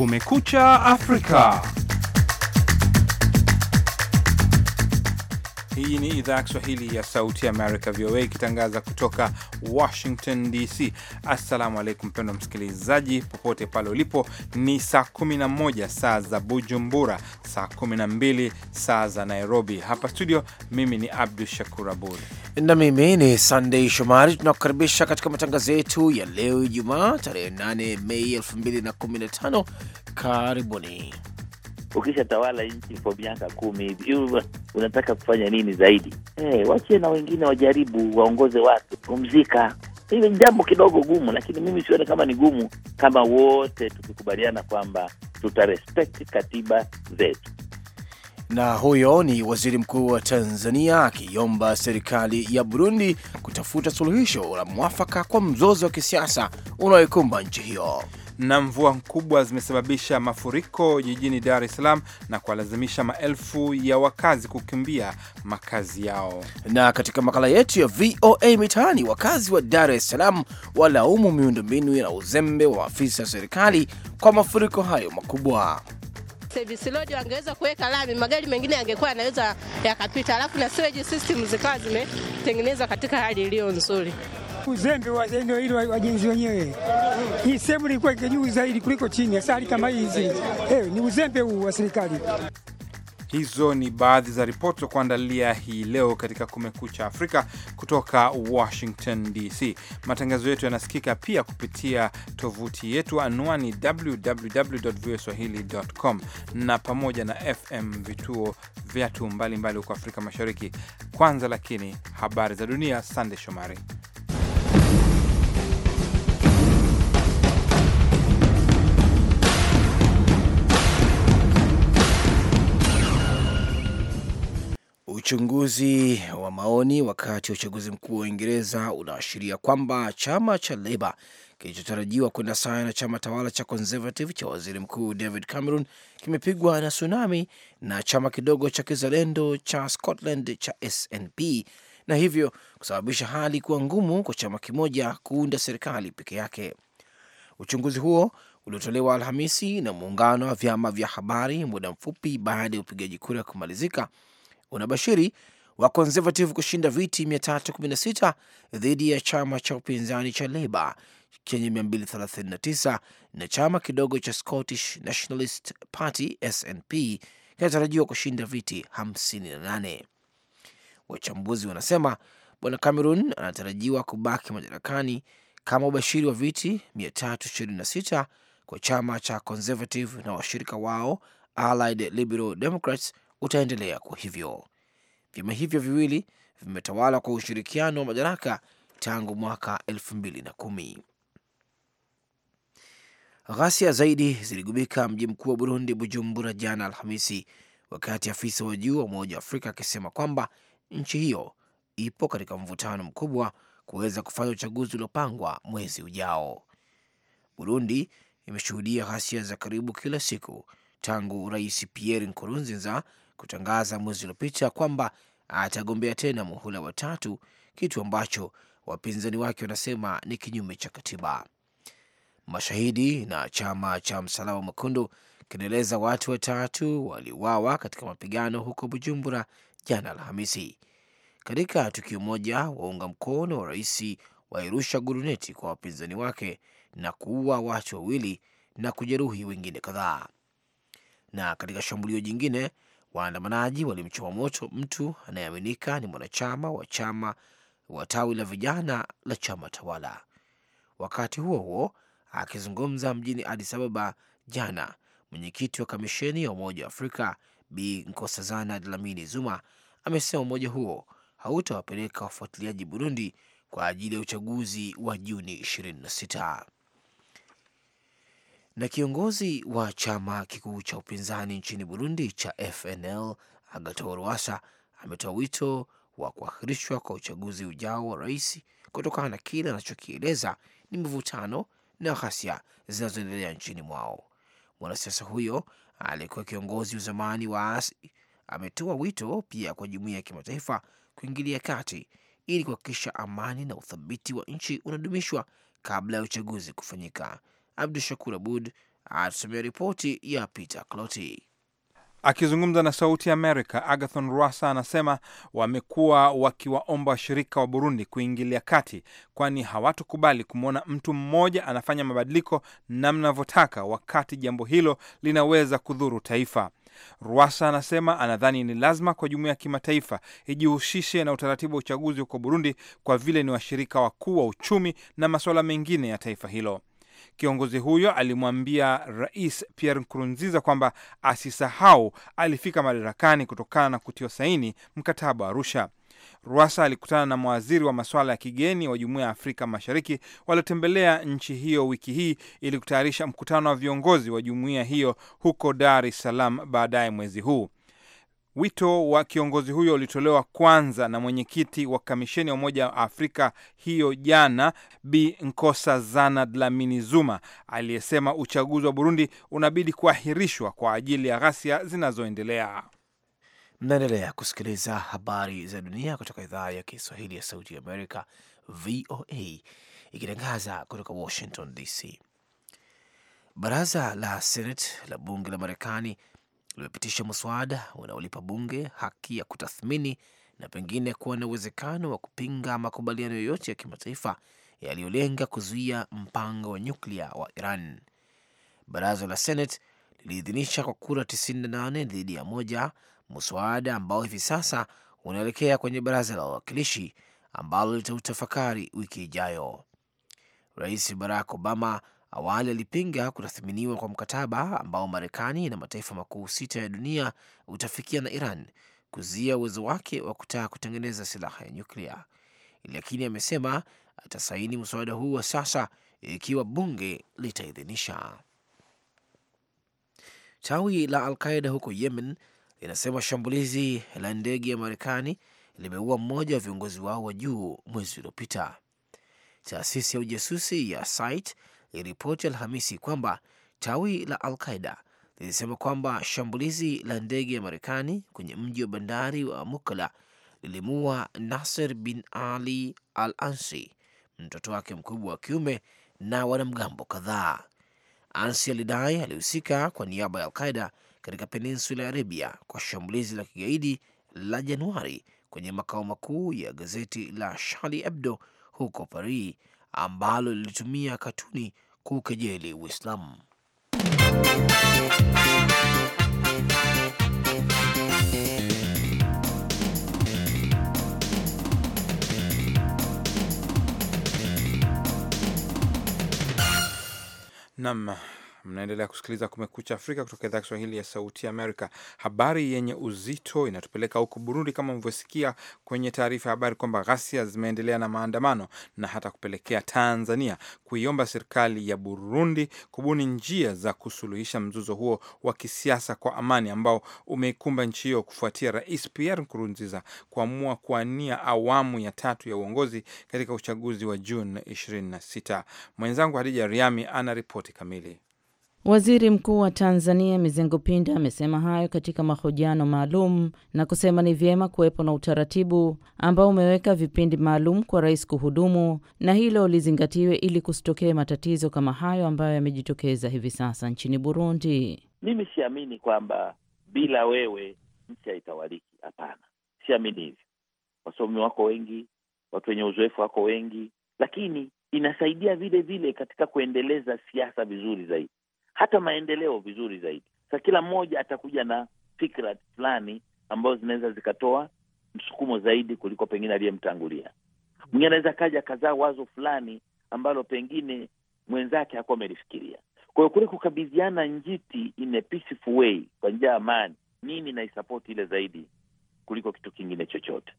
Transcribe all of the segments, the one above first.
Kumekucha Afrika. Hii ni idhaa ya Kiswahili ya Sauti ya Amerika, VOA, ikitangaza kutoka Washington DC. Assalamu alaikum, mpendwa msikilizaji, popote pale ulipo. Ni saa 11 saa za Bujumbura, saa 12 saa za Nairobi. Hapa studio, mimi ni Abdu Shakur Abud na mimi ni Sandei Shomari. Tunakukaribisha katika matangazo yetu ya leo Ijumaa, tarehe 8 Mei 2015. Karibuni ukishatawala nchi kwa miaka kumi hivi, unataka kufanya nini zaidi? Hey, eh, wachie na wengine wajaribu, waongoze watu, pumzika. Hili jambo kidogo gumu, lakini mimi sione kama ni gumu, kama wote tukikubaliana kwamba tutarespect katiba zetu. Na huyo ni waziri mkuu wa Tanzania akiomba serikali ya Burundi kutafuta suluhisho la mwafaka kwa mzozo wa kisiasa unaoikumba nchi hiyo na mvua kubwa zimesababisha mafuriko jijini Dar es Salaam na kuwalazimisha maelfu ya wakazi kukimbia makazi yao. Na katika makala yetu ya VOA Mitaani, wakazi wa Dar es Salaam walaumu miundombinu na uzembe wa afisa serikali kwa mafuriko hayo makubwa. Service road wangeweza kuweka lami, magari mengine yangekuwa yanaweza yakapita, alafu na sewage system zikawa zimetengenezwa katika hali iliyo nzuri. Uzembe wa eneo hili wajenzi wenyewe, hii sehemu ilikuwa iko juu zaidi kuliko chini, hasa hali kama hizi. Eh, ni uzembe huu wa serikali. Hizo ni baadhi za ripoti za kuandalia hii leo katika Kumekucha Afrika kutoka Washington DC. Matangazo yetu yanasikika pia kupitia tovuti yetu, anwani www.voaswahili.com, na pamoja na FM vituo vyetu mbalimbali huko Afrika Mashariki. Kwanza lakini habari za dunia, Sande Shomari. Uchunguzi wa maoni wakati wa uchaguzi mkuu wa Uingereza unaashiria kwamba chama cha Leba kilichotarajiwa kwenda sawa na chama tawala cha Conservative cha waziri mkuu David Cameron kimepigwa na tsunami na chama kidogo cha kizalendo cha Scotland cha SNP, na hivyo kusababisha hali kuwa ngumu kwa chama kimoja kuunda serikali peke yake. Uchunguzi huo uliotolewa Alhamisi na muungano wa vyama vya habari muda mfupi baada ya upigaji kura kumalizika unabashiri wa Conservative kushinda viti 316 dhidi ya chama cha upinzani cha Leba chenye 239 na chama kidogo cha Scottish Nationalist Party SNP kinatarajiwa kushinda viti 58. Wachambuzi wanasema bwana Cameron anatarajiwa kubaki madarakani kama ubashiri wa viti 326 kwa chama cha Conservative na washirika wao Allied Liberal Democrats utaendelea kwa hivyo. Vyama hivyo viwili vimetawala kwa ushirikiano wa madaraka tangu mwaka elfu mbili na kumi. Ghasia zaidi ziligubika mji mkuu wa Burundi, Bujumbura, jana Alhamisi, wakati afisa wa juu wa Umoja wa Afrika akisema kwamba nchi hiyo ipo katika mvutano mkubwa kuweza kufanya uchaguzi uliopangwa mwezi ujao. Burundi imeshuhudia ghasia za karibu kila siku tangu Rais Pierre Nkurunziza kutangaza mwezi uliopita kwamba atagombea tena muhula wa tatu, kitu ambacho wapinzani wake wanasema ni kinyume cha katiba. Mashahidi na chama cha Msalaba Mwekundu kinaeleza watu watatu waliuawa katika mapigano huko Bujumbura jana Alhamisi. Katika tukio moja, waunga mkono wa rais wairusha guruneti kwa wapinzani wake na kuua watu wawili na kujeruhi wengine kadhaa. Na katika shambulio jingine Waandamanaji walimchoma moto mtu anayeaminika ni mwanachama wa chama wa tawi la vijana la chama tawala. Wakati huo huo, akizungumza mjini Addis Ababa jana, mwenyekiti wa kamisheni ya Umoja wa Afrika Bi Nkosazana Dlamini Zuma amesema umoja huo hautawapeleka wafuatiliaji Burundi kwa ajili ya uchaguzi wa Juni 26. Na kiongozi wa chama kikuu cha upinzani nchini Burundi cha FNL Agathon Rwasa ametoa wito wa kuahirishwa kwa uchaguzi ujao wa rais kutokana na kile anachokieleza ni mivutano na ghasia zinazoendelea nchini mwao. Mwanasiasa huyo aliyekuwa kiongozi wa zamani wa asi ametoa wito pia kwa jumuiya ya kimataifa kuingilia kati ili kuhakikisha amani na uthabiti wa nchi unadumishwa kabla ya uchaguzi kufanyika. Abdu Shakur Abud atusomea ripoti ya Peter Cloti. Akizungumza na Sauti ya Amerika, Agathon Rwasa anasema wamekuwa wakiwaomba washirika wa Burundi kuingilia kati, kwani hawatukubali kumwona mtu mmoja anafanya mabadiliko namnavyotaka, wakati jambo hilo linaweza kudhuru taifa. Rwasa anasema anadhani ni lazima kwa jumuiya ya kimataifa ijihusishe na utaratibu wa uchaguzi huko Burundi kwa vile ni washirika wakuu wa uchumi na masuala mengine ya taifa hilo. Kiongozi huyo alimwambia Rais Pierre Nkurunziza kwamba asisahau alifika madarakani kutokana na kutia saini mkataba wa Arusha. Rwasa alikutana na mawaziri wa masuala ya kigeni wa Jumuiya ya Afrika Mashariki waliotembelea nchi hiyo wiki hii ili kutayarisha mkutano wa viongozi wa jumuiya hiyo huko Dar es Salaam baadaye mwezi huu. Wito wa kiongozi huyo ulitolewa kwanza na mwenyekiti wa kamisheni ya Umoja wa Afrika hiyo jana, Bi Nkosazana Dlamini Zuma, aliyesema uchaguzi wa Burundi unabidi kuahirishwa kwa ajili ya ghasia zinazoendelea. Mnaendelea kusikiliza habari za dunia kutoka idhaa ya Kiswahili ya Sauti ya Amerika, VOA, ikitangaza kutoka Washington DC. Baraza la Senate la bunge la Marekani limepitisha mswada unaolipa bunge haki ya kutathmini na pengine kuwa na uwezekano wa kupinga makubaliano yoyote ya kimataifa yaliyolenga kuzuia mpango wa nyuklia wa Iran. Baraza la Senate liliidhinisha kwa kura 98 dhidi ya moja mswada ambao hivi sasa unaelekea kwenye baraza la wawakilishi ambalo litautafakari wiki ijayo. Rais Barack Obama Awali alipinga kutathiminiwa kwa mkataba ambao Marekani na mataifa makuu sita ya dunia utafikia na Iran kuzia uwezo wake wa kutaka kutengeneza silaha ya nyuklia, lakini amesema atasaini mswada huu wa sasa ikiwa bunge litaidhinisha. Tawi la Alqaida huko Yemen linasema shambulizi la ndege ya Marekani limeua mmoja wa viongozi wao wa juu mwezi uliopita. Taasisi ya ujasusi ya SITE iliripoti Alhamisi kwamba tawi la Al-Qaida lilisema kwamba shambulizi la ndege ya Marekani kwenye mji wa bandari wa mukla lilimuua Nasir bin Ali Al-Ansi, mtoto wake mkubwa wa kiume na wanamgambo kadhaa. Ansi alidai alihusika kwa niaba ya Al-Qaida katika peninsula ya Arabia kwa shambulizi la kigaidi la Januari kwenye makao makuu ya gazeti la Charlie Hebdo huko Paris ambalo lilitumia katuni kukejeli Uislamu. Nam Mnaendelea kusikiliza Kumekucha Afrika kutoka idhaa Kiswahili ya Sauti Amerika. Habari yenye uzito inatupeleka huko Burundi, kama mlivyosikia kwenye taarifa ya habari kwamba ghasia zimeendelea na maandamano na hata kupelekea Tanzania kuiomba serikali ya Burundi kubuni njia za kusuluhisha mzozo huo wa kisiasa kwa amani ambao umeikumba nchi hiyo kufuatia Rais Pierre Nkurunziza kuamua kuania awamu ya tatu ya uongozi katika uchaguzi wa Juni 26. Mwenzangu Hadija Riami ana ripoti kamili. Waziri Mkuu wa Tanzania Mizengo Pinda amesema hayo katika mahojiano maalum na kusema ni vyema kuwepo na utaratibu ambao umeweka vipindi maalum kwa rais kuhudumu na hilo lizingatiwe ili kusitokee matatizo kama hayo ambayo yamejitokeza hivi sasa nchini Burundi. Mimi siamini kwamba bila wewe nchi haitawaliki. Hapana, siamini hivyo. Wasomi wako wengi, watu wenye uzoefu wako wengi, lakini inasaidia vile vile katika kuendeleza siasa vizuri zaidi hata maendeleo vizuri zaidi. sa kila mmoja atakuja na fikra fulani ambazo zinaweza zikatoa msukumo zaidi kuliko pengine aliyemtangulia. Mwingine anaweza kaja kazaa wazo fulani ambalo pengine mwenzake hakuwa amelifikiria. Kwa hiyo kule kukabidhiana njiti in a peaceful way, kwa njia ya amani, mimi naisapoti ile zaidi kuliko kitu kingine chochote.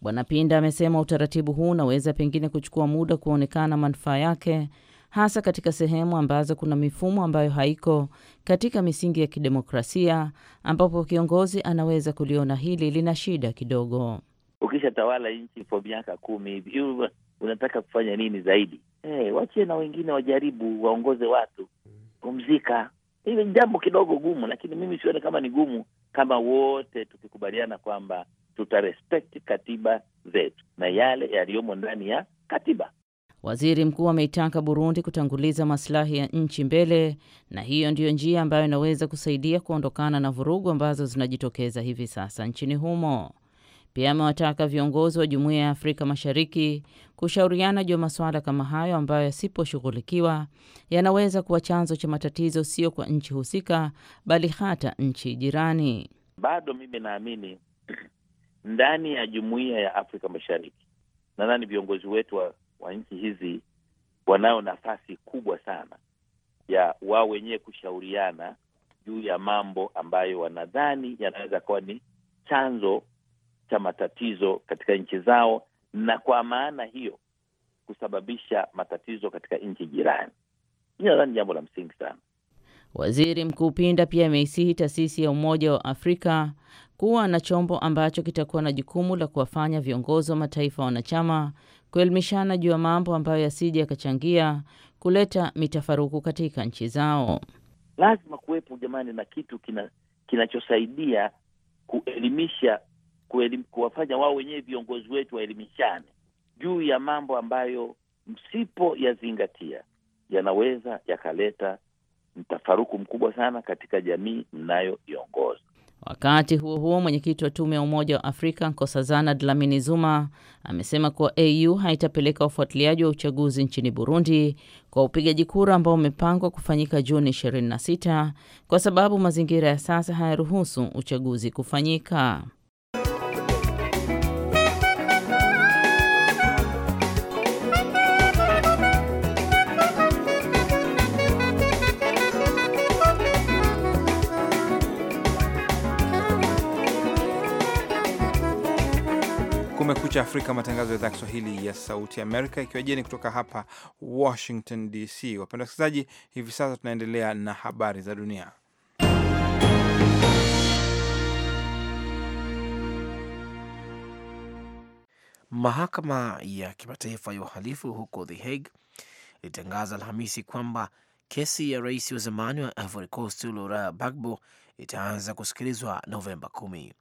Bwana Pinda amesema utaratibu huu unaweza pengine kuchukua muda kuonekana manufaa yake, hasa katika sehemu ambazo kuna mifumo ambayo haiko katika misingi ya kidemokrasia, ambapo kiongozi anaweza kuliona hili lina shida kidogo. Ukishatawala nchi kwa miaka kumi hivi unataka kufanya nini zaidi? Hey, eh, wachie na wengine wajaribu, waongoze watu, pumzika. Hili jambo kidogo gumu, lakini mimi sione kama ni gumu kama wote tukikubaliana kwamba tutarespect katiba zetu na yale yaliyomo ndani ya katiba. Waziri mkuu ameitaka Burundi kutanguliza masilahi ya nchi mbele, na hiyo ndiyo njia ambayo inaweza kusaidia kuondokana na vurugu ambazo zinajitokeza hivi sasa nchini humo. Pia amewataka viongozi wa Jumuiya ya Afrika Mashariki kushauriana juu ya masuala kama hayo ambayo yasiposhughulikiwa yanaweza kuwa chanzo cha matatizo, sio kwa nchi husika, bali hata nchi jirani. Bado mimi naamini ndani ya Jumuiya ya Afrika Mashariki nadhani viongozi wetu wa wa nchi hizi wanayo nafasi kubwa sana ya wao wenyewe kushauriana juu ya mambo ambayo wanadhani yanaweza kuwa ni chanzo cha matatizo katika nchi zao, na kwa maana hiyo kusababisha matatizo katika nchi jirani. hii Nadhani jambo la msingi sana. Waziri Mkuu Pinda pia ameisihi taasisi ya Umoja wa Afrika kuwa na chombo ambacho kitakuwa na jukumu la kuwafanya viongozi wa mataifa wanachama kuelimishana juu ya mambo ambayo yasije yakachangia kuleta mitafaruku katika nchi zao. Lazima kuwepo jamani na kitu kina, kinachosaidia kuelimisha kuelim, kuwafanya wao wenyewe viongozi wetu waelimishane juu ya mambo ambayo msipo yazingatia yanaweza yakaleta mtafaruku mkubwa sana katika jamii mnayoiongoza. Wakati huo huo, mwenyekiti wa tume ya Umoja wa Afrika Nkosazana Dlamini Zuma amesema kuwa AU haitapeleka ufuatiliaji wa uchaguzi nchini Burundi kwa upigaji kura ambao umepangwa kufanyika Juni 26 kwa sababu mazingira ya sasa hayaruhusu uchaguzi kufanyika. kumekucha afrika matangazo ya idhaa kiswahili ya sauti amerika ikiwa jeni kutoka hapa washington dc wapenda wasikilizaji hivi sasa tunaendelea na habari za dunia mahakama ya kimataifa ya uhalifu huko the hague ilitangaza alhamisi kwamba kesi ya rais wa zamani wa ivory coast laurent gbagbo itaanza kusikilizwa novemba kumi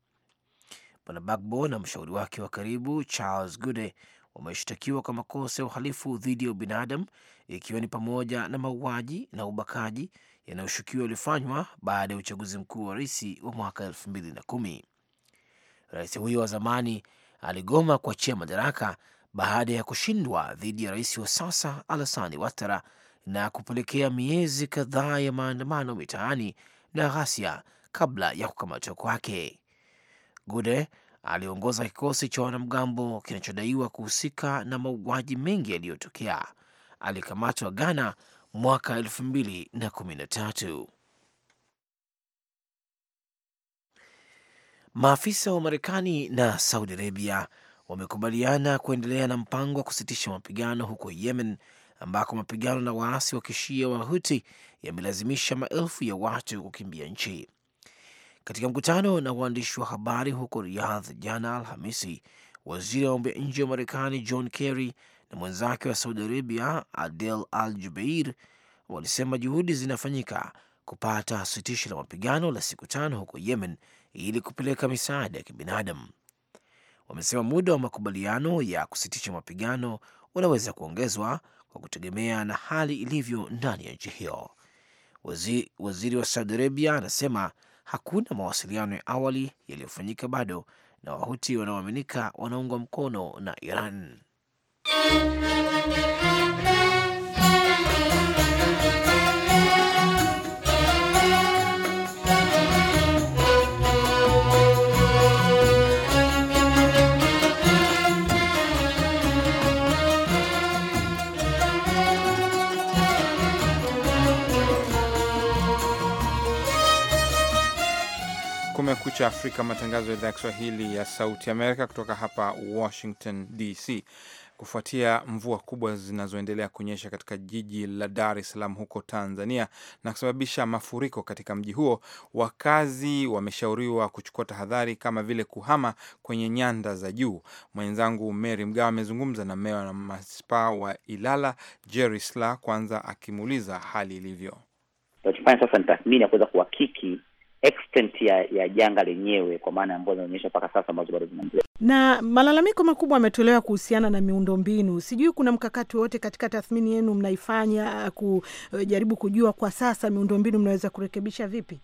Bwana Bagbo na mshauri wake wa karibu Charles Gude wameshtakiwa kwa makosa ya uhalifu dhidi ya ubinadamu ikiwa ni pamoja na mauaji na ubakaji yanayoshukiwa yalifanywa baada ya uchaguzi mkuu wa rais wa mwaka elfu mbili na kumi. Rais huyo wa zamani aligoma kuachia madaraka baada ya kushindwa dhidi ya rais wa sasa Alassani Watara na kupelekea miezi kadhaa ya maandamano mitaani na ghasia kabla ya kukamatwa kwake. Gude aliongoza kikosi cha wanamgambo kinachodaiwa kuhusika na mauaji mengi yaliyotokea. Alikamatwa Ghana mwaka 2013. Maafisa wa Marekani na Saudi Arabia wamekubaliana kuendelea na mpango wa kusitisha mapigano huko Yemen, ambako mapigano na waasi wa kishia wa Huti yamelazimisha maelfu ya watu kukimbia nchi. Katika mkutano na waandishi wa habari huko Riyadh jana Alhamisi, waziri wa mambo ya nje wa Marekani John Kerry na mwenzake wa Saudi Arabia Adel Al Jubeir walisema juhudi zinafanyika kupata sitisho la mapigano la siku tano huko Yemen ili kupeleka misaada ya kibinadamu. Wamesema muda wa makubaliano ya kusitisha mapigano unaweza kuongezwa kwa kutegemea na hali ilivyo ndani ya nchi hiyo. Waziri wa Saudi Arabia anasema hakuna mawasiliano ya awali yaliyofanyika bado na Wahuti wanaoaminika wanaungwa mkono na Iran. Kumekucha Afrika, matangazo ya idhaa ya Kiswahili ya Sauti Amerika kutoka hapa Washington DC. Kufuatia mvua kubwa zinazoendelea kunyesha katika jiji la Dar es Salaam huko Tanzania na kusababisha mafuriko katika mji huo, wakazi wameshauriwa kuchukua tahadhari kama vile kuhama kwenye nyanda za juu. Mwenzangu Mary Mgawa amezungumza na meya na manispaa wa Ilala Jerry Sla, kwanza akimuuliza hali ilivyo. Tunachofanya sasa ni tathmini ya kuweza kuhakiki extent ya, ya janga lenyewe kwa maana ambayo inaonyesha mpaka sasa ambazo bado zinaendelea. Na malalamiko makubwa ametolewa kuhusiana na miundombinu. Sijui kuna mkakati wowote katika tathmini yenu mnaifanya uh, kujaribu kujua kwa sasa miundombinu mnaweza kurekebisha vipi?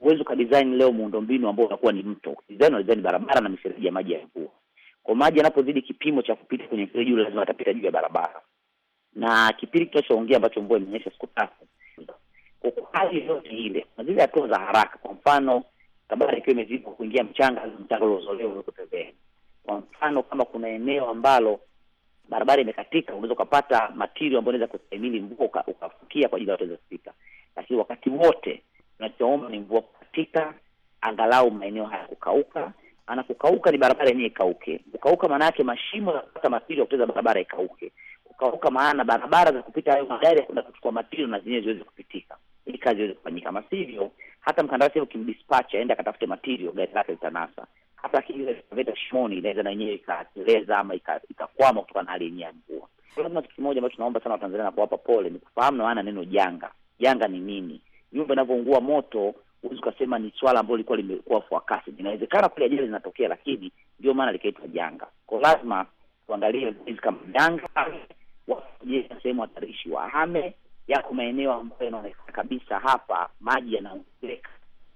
Huwezi ukadesign leo mbinu ambao unakuwa ni mto, design design barabara na mifereji ya maji ya mvua. Kwa maji yanapozidi kipimo cha kupita kwenye mfereji, lazima atapita juu ya barabara, na kipindi tunachoongea ambacho mvua imenyesha siku tatu hali yoyote ile, na zile hatua za haraka. Kwa mfano, kabari ikiwa imezidi kuingia mchanga, mchanga uliozolewa uko pembeni. Kwa mfano, kama kuna eneo ambalo barabara imekatika, unaweza ukapata matirio ambayo inaweza kustahimili mvua ukafukia kwa ajili ya watu waweze kufika. Lakini wakati wote tunachoomba ni mvua kukatika, angalau maeneo haya kukauka ana kukauka ni barabara yenyewe ikauke. Kukauka maana yake mashimo ya kupata matirio ya kuteza barabara ikauke. Kukauka maana barabara za kupita hayo magari kuna kuchukua matirio na zenyewe ziweze kupitika kazi iweze kufanyika, masivyo hata mkandarasi ukimdispatch aende akatafute material, gari lake litanasa. Hata akiveta shimoni, inaweza na yenyewe ikateleza ama ikakwama kutokana na hali yenyewe ya mvua. Lazima kitu kimoja ambacho tunaomba sana Watanzania na kuwapa pole ni kufahamu na maana neno janga. Janga ni nini? Nyumba inavyoungua moto huwezi ukasema ni swala ambalo lilikuwa limekuwa fuakasi Inawezekana kule ajali zinatokea, lakini ndio maana likaitwa janga. Kwa lazima tuangalie kama janga, watu sehemu watarishi wahame yako maeneo ambayo yanaonekana kabisa hapa maji yanaongezeka,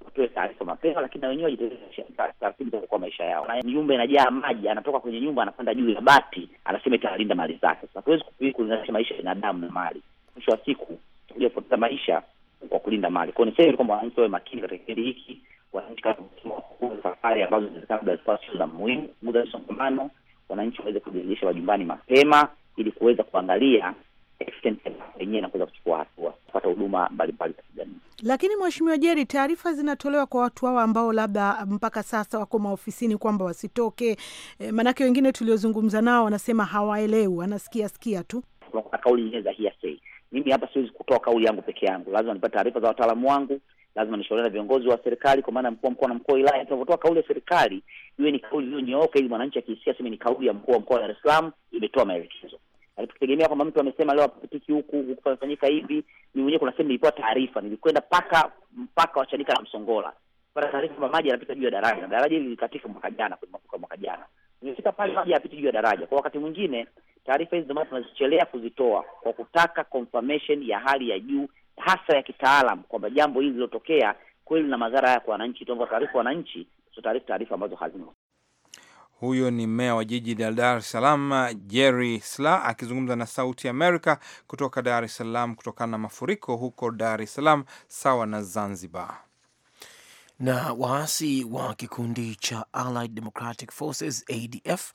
watoe taarifa mapema, lakini na wenyewe wajitaratibu za kuokoa maisha yao. Nyumba inajaa maji, anatoka kwenye nyumba anapanda juu ya bati, anasema italinda mali zake. Sasa hatuwezi kulinganisha maisha ya binadamu na mali. Mwisho wa siku tutakuja kupoteza maisha kwa kulinda mali. Kwa hiyo niseme kwamba wananchi wawe makini katika kipindi hiki, wananchi safari ambazo labda zilikuwa sio za muhimu, muda msongamano, wananchi waweze kujirejesha majumbani mapema ili kuweza kuangalia yenyewe inakuweza kuchukua hatua kupata huduma mbalimbali za kijamii. Lakini Mheshimiwa Jeri, taarifa zinatolewa kwa watu hawa ambao labda mpaka sasa wako maofisini kwamba wasitoke, e, maanake wengine tuliozungumza nao wanasema hawaelewi, wanasikia sikia tu. Kuna kauli nyingine za hearsay. Mimi hapa siwezi kutoa kauli yangu peke yangu, lazima nipate taarifa za wataalamu wangu, lazima nishauriane na viongozi wa serikali, kwa maana mkuu wa mkoa na mkuu wa wilaya. Tunavyotoa kauli ya serikali iwe ni kauli iliyonyooka, ili mwananchi akisikia sema ni kauli ya mkuu wa mkoa wa Dar es Salaam imetoa maelekezo Alikutegemea kwamba mtu amesema leo hapitiki huku, kufanyika hivi. ni mwenyewe kuna sehemu nilipewa taarifa, nilikwenda mpaka mpaka wachanika Chanika na Msongola kupata taarifa kwamba maji yanapita juu ya daraja. Daraja hili lilikatika mwaka jana, kwenye mafuka mwaka jana, nimefika pale maji yapiti juu ya daraja. Kwa wakati mwingine taarifa hizi ndio tunazichelea kuzitoa kwa kutaka confirmation ya hali ya juu, hasa ya kitaalam, kwamba jambo hili lilotokea kweli na madhara haya kwa wananchi. tuomba taarifa wananchi, sio taarifa taarifa ambazo hazina huyo ni meya wa jiji la Dar es Salaam Jerry Sla akizungumza na Sauti Amerika kutoka Dar es Salaam kutokana na mafuriko huko Dar es Salaam sawa na Zanzibar. Na waasi wa kikundi cha Allied Democratic Forces ADF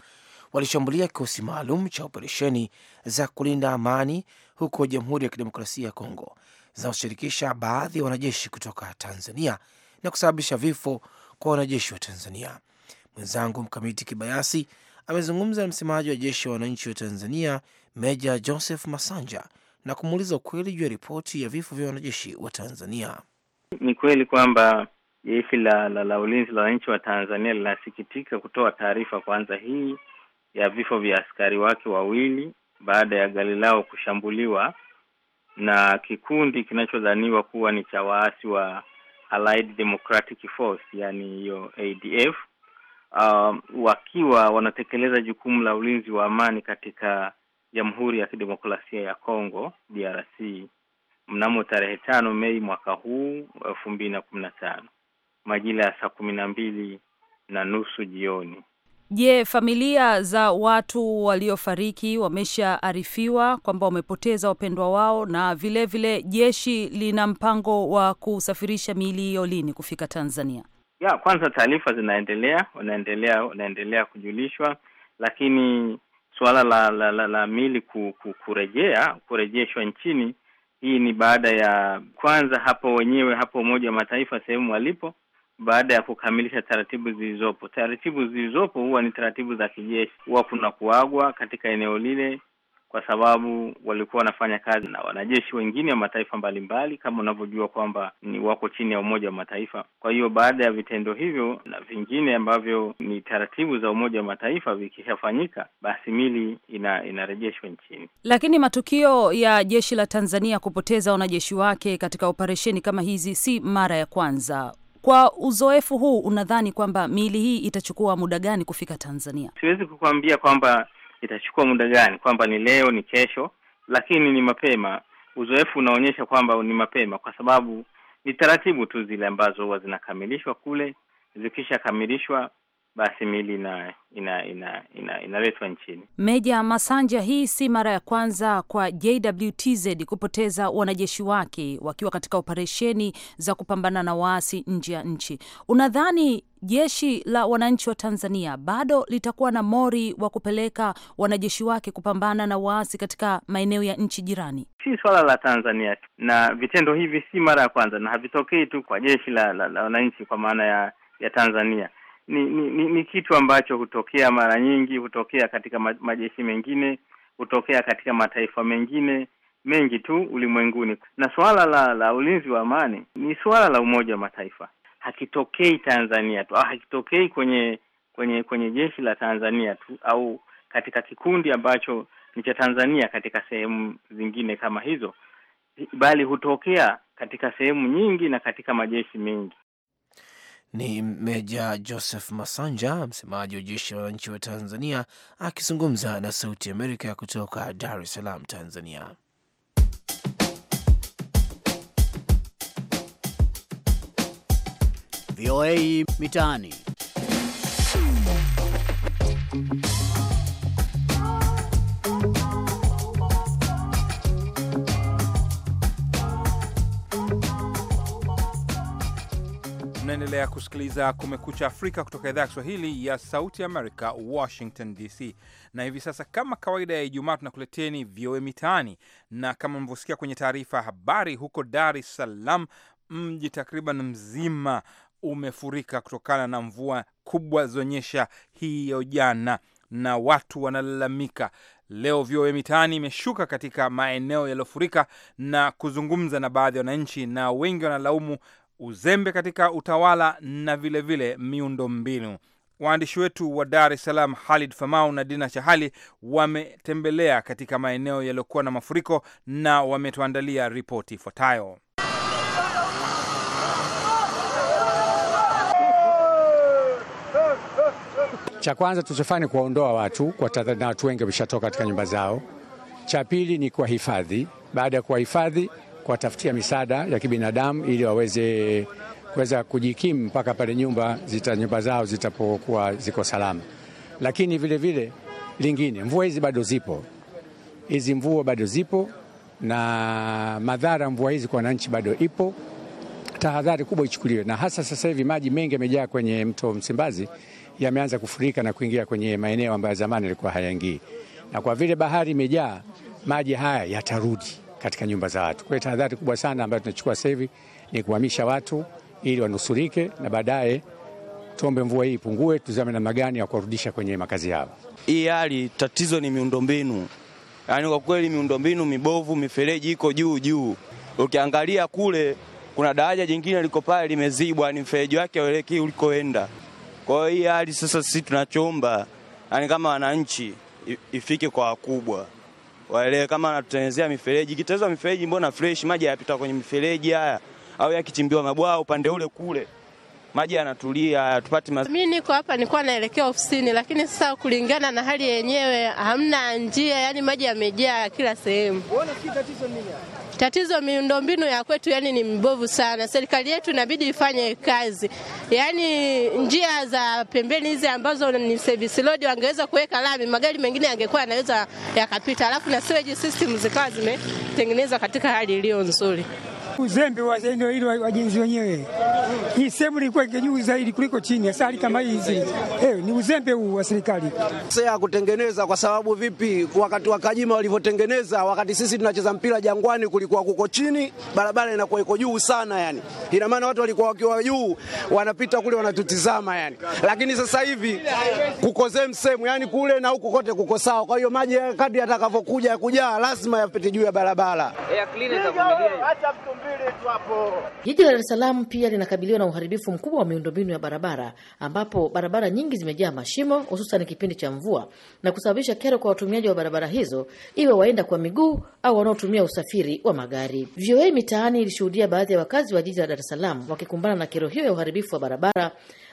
walishambulia kikosi maalum cha operesheni za kulinda amani huko Jamhuri ya Kidemokrasia ya Kongo zinazoshirikisha baadhi ya wanajeshi kutoka Tanzania na kusababisha vifo kwa wanajeshi wa Tanzania. Mwenzangu Mkamiti Kibayasi amezungumza na msemaji wa jeshi la wananchi wa Tanzania Meja Joseph Masanja na kumuuliza ukweli juu ya ripoti ya vifo vya wanajeshi wa Tanzania. Ni kweli kwamba jeshi la, la, la ulinzi la wananchi wa Tanzania linasikitika kutoa taarifa kwanza hii ya vifo vya askari wake wawili baada ya gari lao kushambuliwa na kikundi kinachodhaniwa kuwa ni cha waasi wa Allied Democratic Force, yani hiyo ADF uh, wakiwa wanatekeleza jukumu la ulinzi wa amani katika Jamhuri ya Kidemokrasia ya Kongo DRC mnamo tarehe tano Mei mwaka huu elfu mbili na kumi na tano majira ya saa kumi na mbili na nusu jioni. Je, familia za watu waliofariki wameshaarifiwa kwamba wamepoteza wapendwa wao? Na vilevile vile, jeshi lina mpango wa kusafirisha miili hiyo lini kufika Tanzania? ya kwanza, taarifa zinaendelea, wanaendelea wanaendelea kujulishwa, lakini suala la la, la, la mili ku, ku, kurejea kurejeshwa nchini, hii ni baada ya kwanza hapo wenyewe hapo Umoja wa Mataifa sehemu walipo, baada ya kukamilisha taratibu zilizopo. Taratibu zilizopo huwa ni taratibu za kijeshi, huwa kuna kuagwa katika eneo lile kwa sababu walikuwa wanafanya kazi na wanajeshi wengine wa mataifa mbalimbali, kama unavyojua kwamba ni wako chini ya Umoja wa Mataifa. Kwa hiyo baada ya vitendo hivyo na vingine ambavyo ni taratibu za Umoja wa Mataifa vikishafanyika, basi mili ina, inarejeshwa nchini. Lakini matukio ya jeshi la Tanzania kupoteza wanajeshi wake katika operesheni kama hizi si mara ya kwanza. Kwa uzoefu huu, unadhani kwamba miili hii itachukua muda gani kufika Tanzania? Siwezi kukuambia kwamba itachukua muda gani, kwamba ni leo, ni kesho, lakini ni mapema. Uzoefu unaonyesha kwamba ni mapema, kwa sababu ni taratibu tu zile ambazo huwa zinakamilishwa kule. Zikishakamilishwa basi mili ina inaletwa ina, ina, ina nchini. Meja Masanja, hii si mara ya kwanza kwa JWTZ kupoteza wanajeshi wake wakiwa katika operesheni za kupambana na waasi nje ya nchi. Unadhani jeshi la wananchi wa Tanzania bado litakuwa na mori wa kupeleka wanajeshi wake kupambana na waasi katika maeneo ya nchi jirani? Si swala la Tanzania na vitendo hivi si mara ya kwanza, na havitokei tu kwa jeshi la, la, la wananchi kwa maana ya, ya Tanzania. Ni, ni, ni, ni kitu ambacho hutokea mara nyingi, hutokea katika majeshi mengine, hutokea katika mataifa mengine mengi tu ulimwenguni, na suala la, la ulinzi wa amani ni suala la Umoja wa Mataifa hakitokei Tanzania tu au hakitokei kwenye kwenye kwenye jeshi la Tanzania tu au katika kikundi ambacho ni cha Tanzania katika sehemu zingine kama hizo, bali hutokea katika sehemu nyingi na katika majeshi mengi. Ni Meja Joseph Masanja, msemaji wa jeshi la wananchi wa Tanzania akizungumza na Sauti Amerika kutoka Dar es Salaam, Tanzania. VOA Mitaani. Mnaendelea kusikiliza Kumekucha Afrika kutoka idhaa ya Kiswahili ya Sauti Amerika, Washington DC. Na hivi sasa, kama kawaida ya Ijumaa, tunakuleteni VOA Mitaani, na kama mlivyosikia kwenye taarifa ya habari, huko Dar es Salaam, mji takriban mzima umefurika kutokana na mvua kubwa zonyesha hiyo jana, na watu wanalalamika. Leo VOA Mitaani imeshuka katika maeneo yaliyofurika na kuzungumza na baadhi ya wananchi, na wengi wanalaumu uzembe katika utawala na vilevile miundo mbinu. Waandishi wetu wa Dar es Salaam Halid Famau na Dina Chahali wametembelea katika maeneo yaliyokuwa na mafuriko na wametuandalia ripoti ifuatayo. Cha kwanza tulichofanya kuwaondoa watu kwa, na watu wengi wameshatoka katika nyumba zao. Cha pili ni kuwahifadhi, baada ya kuwahifadhi kuwatafutia misaada ya kibinadamu ili waweze kuweza kujikimu mpaka pale nyumba zita nyumba zao zitapokuwa ziko salama. Lakini vile vile lingine, mvua hizi bado zipo, hizi mvua bado zipo na madhara mvua hizi kwa wananchi bado ipo. Tahadhari kubwa ichukuliwe, na hasa sasa hivi maji mengi yamejaa kwenye mto Msimbazi yameanza kufurika na kuingia kwenye maeneo ambayo zamani yalikuwa hayaingii, na kwa vile bahari imejaa maji, haya yatarudi katika nyumba za watu. Kwa hiyo tahadhari kubwa sana ambayo tunachukua sasa hivi ni kuhamisha watu ili wanusurike, na baadaye tuombe mvua hii ipungue, tuzame namna gani ya kuwarudisha kwenye makazi yao. Hii hali tatizo ni miundombinu, yaani kwa kweli miundombinu mibovu, mifereji iko juu juu. Ukiangalia kule kuna daraja jingine liko pale limezibwa, ni mfereji wake hauelekei ulikoenda. Kwa hiyo hii hali sasa, sisi tunachoomba yani kama wananchi ifike kwa wakubwa waelewe, kama anatutengenezea mifereji, kitaweza mifereji, mbona fresh maji yapita kwenye mifereji haya, au yakichimbiwa mabwawa upande ule kule maji yanatulia, tupati mas... Mimi niko hapa nilikuwa naelekea ofisini, lakini sasa kulingana na hali yenyewe hamna njia, yani maji yamejaa kila sehemu. Tatizo miundombinu ya kwetu yani ni mbovu sana. Serikali yetu inabidi ifanye kazi, yani njia za pembeni hizi ambazo ni service road wangeweza kuweka lami, magari mengine yangekuwa yanaweza yakapita, alafu na sewage system zikawa zimetengenezwa katika hali iliyo nzuri. Uzembe wa eneo hilo wajenzi wenyewe. Hii sehemu ilikuwa juu zaidi kuliko chini, hasa kama hizi eh, ni uzembe huu wa serikali sea kutengeneza. Kwa sababu vipi? Wakati wa Kajima walivyotengeneza, wakati sisi tunacheza mpira Jangwani, kulikuwa kuko chini, barabara inakuwa iko juu sana, yani ina maana watu walikuwa wakiwa juu wanapita kule wanatutizama yani, lakini sasa hivi kuko same same, yani kule na huku kote kuko sawa. Kwa hiyo maji kadri yatakavyokuja kujaa, lazima yapite juu ya barabara. Jiji la Dar es Salaam pia linakabiliwa na uharibifu mkubwa wa miundombinu ya barabara, ambapo barabara nyingi zimejaa mashimo, hususan kipindi cha mvua, na kusababisha kero kwa watumiaji wa barabara hizo, iwe waenda kwa miguu au wanaotumia usafiri wa magari. VOA Mitaani ilishuhudia baadhi ya wakazi wa jiji la Dar es Salaam wakikumbana na kero hiyo ya uharibifu wa barabara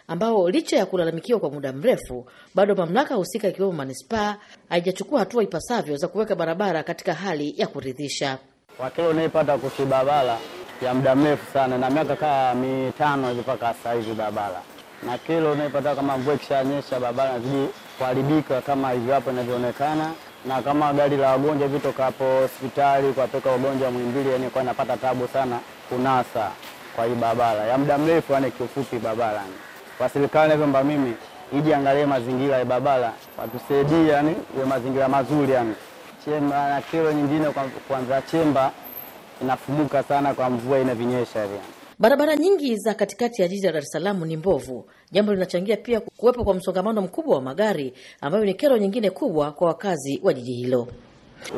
ambao licha ya kulalamikiwa kwa muda mrefu bado mamlaka husika ikiwemo manispaa haijachukua hatua ipasavyo za kuweka barabara katika hali ya kuridhisha kwa kilo unaipata kushibabala ya muda mrefu sana, na miaka kaa mitano hivi mpaka sasa hivi babala, na kilo unaipata kama mvua ikishanyesha babala zidi kuharibika kama hivyo hapo inavyoonekana, na kama gari la wagonjwa hivi tokapo hospitali kuwapeka wagonjwa Muhimbili, yani kwa napata tabu sana kunasa kwa hii barabara ya muda mrefu, yani kiufupi barabara kwa serikali navyoomba mimi iji angalie mazingira ya barabara, watusaidie, yani mazingira mazuri yani chemba na kero nyingine kwanza chemba inafumuka sana kwa mvua inavinyesha hivi. Barabara nyingi za katikati ya jiji la Dar es Salaam ni mbovu, jambo linachangia pia kuwepo kwa msongamano mkubwa wa magari ambayo ni kero nyingine kubwa kwa wakazi wa jiji hilo.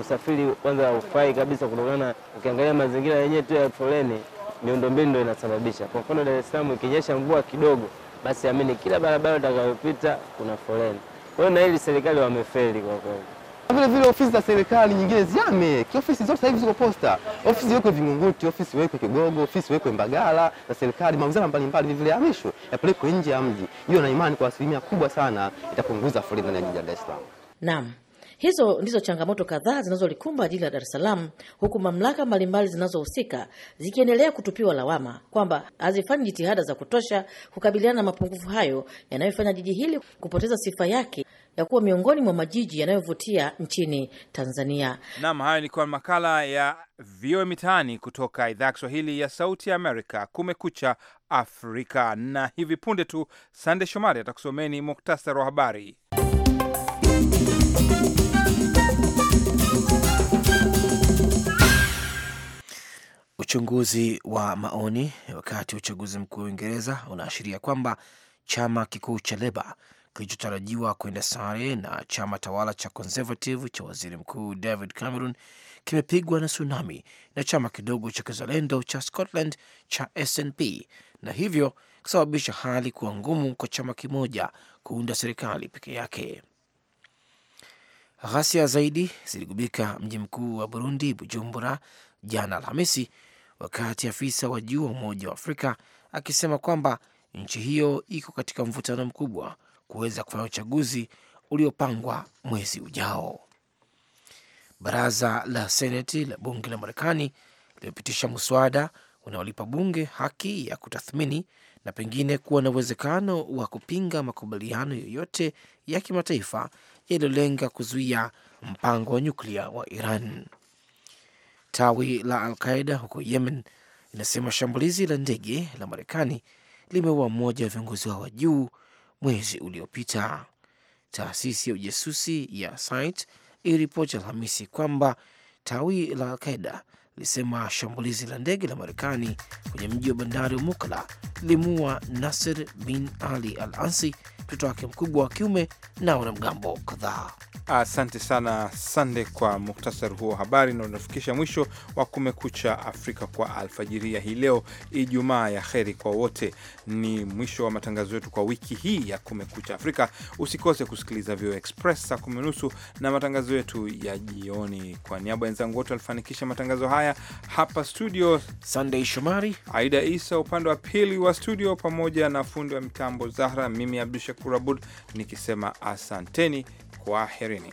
Usafiri kwanza haufai kabisa, kutokana ukiangalia mazingira yenyewe tu ya foleni, miundombinu ndo inasababisha. Kwa mfano, Dar es Salaam ikinyesha mvua kidogo, basi amini kila barabara utakayopita kuna foleni. Kwa hiyo na hili serikali wamefeli kwa kweli. Vile vile ofisi za serikali nyingine ziame kiofisi, zote sasa hivi ziko posta. Ofisi iwekwe Vingunguti, ofisi iwekwe Kigogo, ofisi iwekwe Mbagala za serikali, mawizara mbalimbali vile vile yahamishwe yapelekwe nje ya mji. Hiyo na imani kwa asilimia kubwa sana itapunguza foleni ndani ya jiji la Dar es Salaam. Naam. Hizo ndizo changamoto kadhaa zinazolikumba jiji la Dar es Salaam, huku mamlaka mbalimbali zinazohusika zikiendelea kutupiwa lawama kwamba hazifanyi jitihada za kutosha kukabiliana na mapungufu hayo yanayofanya jiji hili kupoteza sifa yake ya kuwa miongoni mwa majiji yanayovutia nchini Tanzania. Naam, hayo ni kwa makala ya VOA Mitaani kutoka idhaa ya Kiswahili ya Sauti ya Amerika, Kumekucha Afrika. Na hivi punde tu Sande Shomari atakusomeni muktasari wa habari. Uchunguzi wa maoni wakati wa uchaguzi mkuu wa Uingereza unaashiria kwamba chama kikuu cha Leba kilichotarajiwa kwenda sare na chama tawala cha Conservative cha waziri mkuu David Cameron kimepigwa na tsunami na chama kidogo cha kizalendo cha Scotland cha SNP na hivyo kusababisha hali kuwa ngumu kwa chama kimoja kuunda serikali peke yake. Ghasia zaidi ziligubika mji mkuu wa Burundi, Bujumbura, jana Alhamisi, wakati afisa wa juu wa Umoja wa Afrika akisema kwamba nchi hiyo iko katika mvutano mkubwa kuweza kufanya uchaguzi uliopangwa mwezi ujao. Baraza la Seneti la bunge la Marekani limepitisha mswada unaolipa bunge haki ya kutathmini na pengine kuwa na uwezekano wa kupinga makubaliano yoyote ya kimataifa yaliyolenga kuzuia mpango wa nyuklia wa Iran. Tawi la Alqaida huko Yemen linasema shambulizi la ndege la Marekani limeua mmoja wa viongozi wao wa juu mwezi uliopita. Taasisi ya ujasusi ya SITE iliripoti Alhamisi kwamba tawi la Alqaida lilisema shambulizi la ndege la Marekani kwenye mji wa bandari wa Mukla lilimua Nasir bin Ali Al Ansi, mtoto wake mkubwa wa kiume na wanamgambo kadhaa. Asante sana Sande kwa muktasari huo habari, na unafikisha mwisho wa Kumekucha Afrika kwa alfajiri ya hii leo Ijumaa ya heri kwa wote. Ni mwisho wa matangazo yetu kwa wiki hii ya Kumekucha Afrika. Usikose kusikiliza VOA Express saa kumi nusu na matangazo yetu ya jioni. Kwa niaba ya wenzangu wote walifanikisha matangazo haya hapa studio, Sandei Shomari, Aida Isa upande wa pili wa studio, pamoja na fundi wa mitambo Zahra, mimi Abdu Shakur Shakur Abud nikisema asanteni, kwaherini.